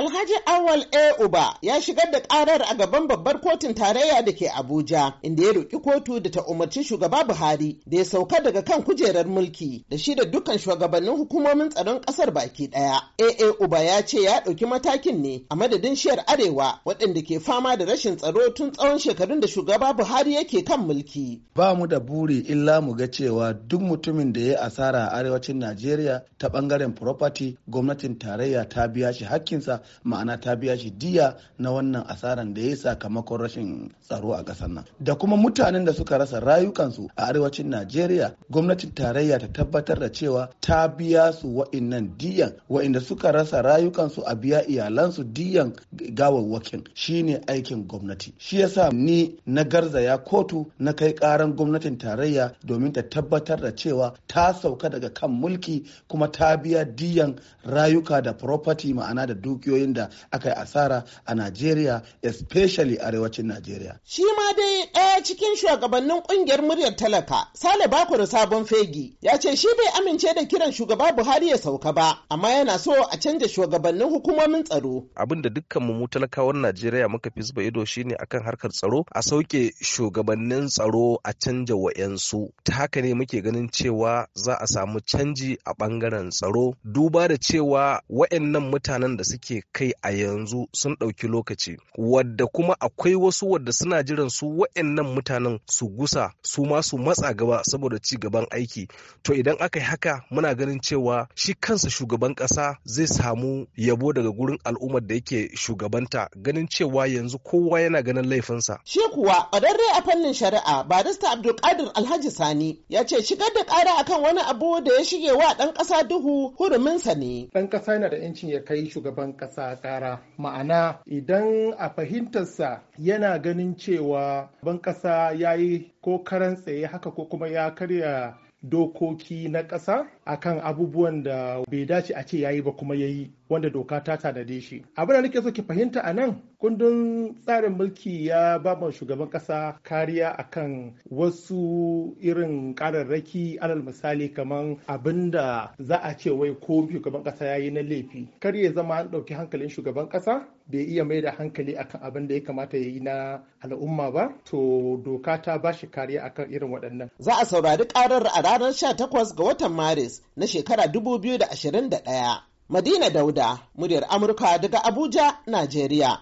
Alhaji Awal A. Uba ya shigar da ƙarar a gaban babbar kotun tarayya da ke Abuja, inda ya roƙi kotu da ta umarci shugaba Buhari da ya sauka daga kan kujerar mulki da shi da dukkan shugabannin hukumomin tsaron ƙasar baki ɗaya. A. Uba ya ce ya ɗauki matakin ne a madadin shiyar Arewa waɗanda ke fama da rashin tsaro tun tsawon shekarun da shugaba Buhari yake kan mulki. Ba mu da buri illa mu ga cewa duk mutumin da ya asara a arewacin Najeriya ta ɓangaren property gwamnatin tarayya ta biya shi hakkinsa ma'ana ta biya shi diya na wannan asaran da ya sakamakon rashin tsaro a ƙasar nan da kuma mutanen da suka rasa rayukansu a arewacin najeriya gwamnatin tarayya ta tabbatar da cewa ta biya su wa'innan diyan wa'inda suka rasa rayukansu a biya iyalansu diyan gawawwakin shine aikin gwamnati shi yasa ni na garzaya kotu na kai karan gwamnatin tarayya domin ta tabbatar da cewa ta sauka daga kan mulki kuma ta biya diyan rayuka da property ma'ana da dukiyoyi miliyoyin da aka yi asara a Najeriya especially arewacin Najeriya. Shi ma dai A cikin shugabannin ƙungiyar muryar talaka, Sale Bakuru Sabon Fegi, ya ce shi bai amince da kiran shugaba Buhari ya sauka ba, amma yana so a canja shugabannin hukumomin tsaro. Abinda da dukkan mu talakawan Najeriya muka fi zuba ido shine akan harkar tsaro, a sauke shugabannin tsaro a canja wa'yansu. Ta haka ne muke ganin cewa za a samu canji a bangaren tsaro, duba da cewa wa'yannan mutanen da suke kai a yanzu sun ɗauki lokaci, wadda kuma akwai wasu wadda suna jiran su wa'yannan mutanen su gusa su ma su matsa gaba saboda ci gaban aiki to idan aka yi haka muna ganin cewa shi kansa shugaban ƙasa zai samu yabo daga gurin al'ummar da yake shugabanta ganin cewa yanzu kowa yana ganin laifinsa shi kuwa ƙwararre a fannin shari'a barista abdulkadir alhaji sani ya ce shigar da ƙara akan wani abu da ya shige wa ɗan ƙasa duhu huruminsa ne ɗan ƙasa yana da 'yancin ya kai shugaban ƙasa ƙara ma'ana idan a fahimtarsa yana ganin cewa ban ƙasa Ƙasa ya yi ko karan tsaye haka ko kuma ya karya dokoki na ƙasa akan abubuwan da bai dace a ce yayi ba kuma ya yi, wanda doka ta tanade shi abin da nake so ki fahimta a nan kundin tsarin mulki ya ba ma shugaban ƙasa kariya akan wasu irin ƙararraki alal misali kamar abin da za a ce wai ko shugaban ƙasa ya yi na laifi kar ya zama an ɗauki hankalin shugaban ƙasa bai iya mai da hankali akan abin da ya kamata ya yi na al'umma ba to doka ta ba shi kariya akan irin waɗannan za a saurari ƙarar ranar 18 ga watan Maris na shekara 2021. Madina Dauda, muryar Amurka daga Abuja, Najeriya.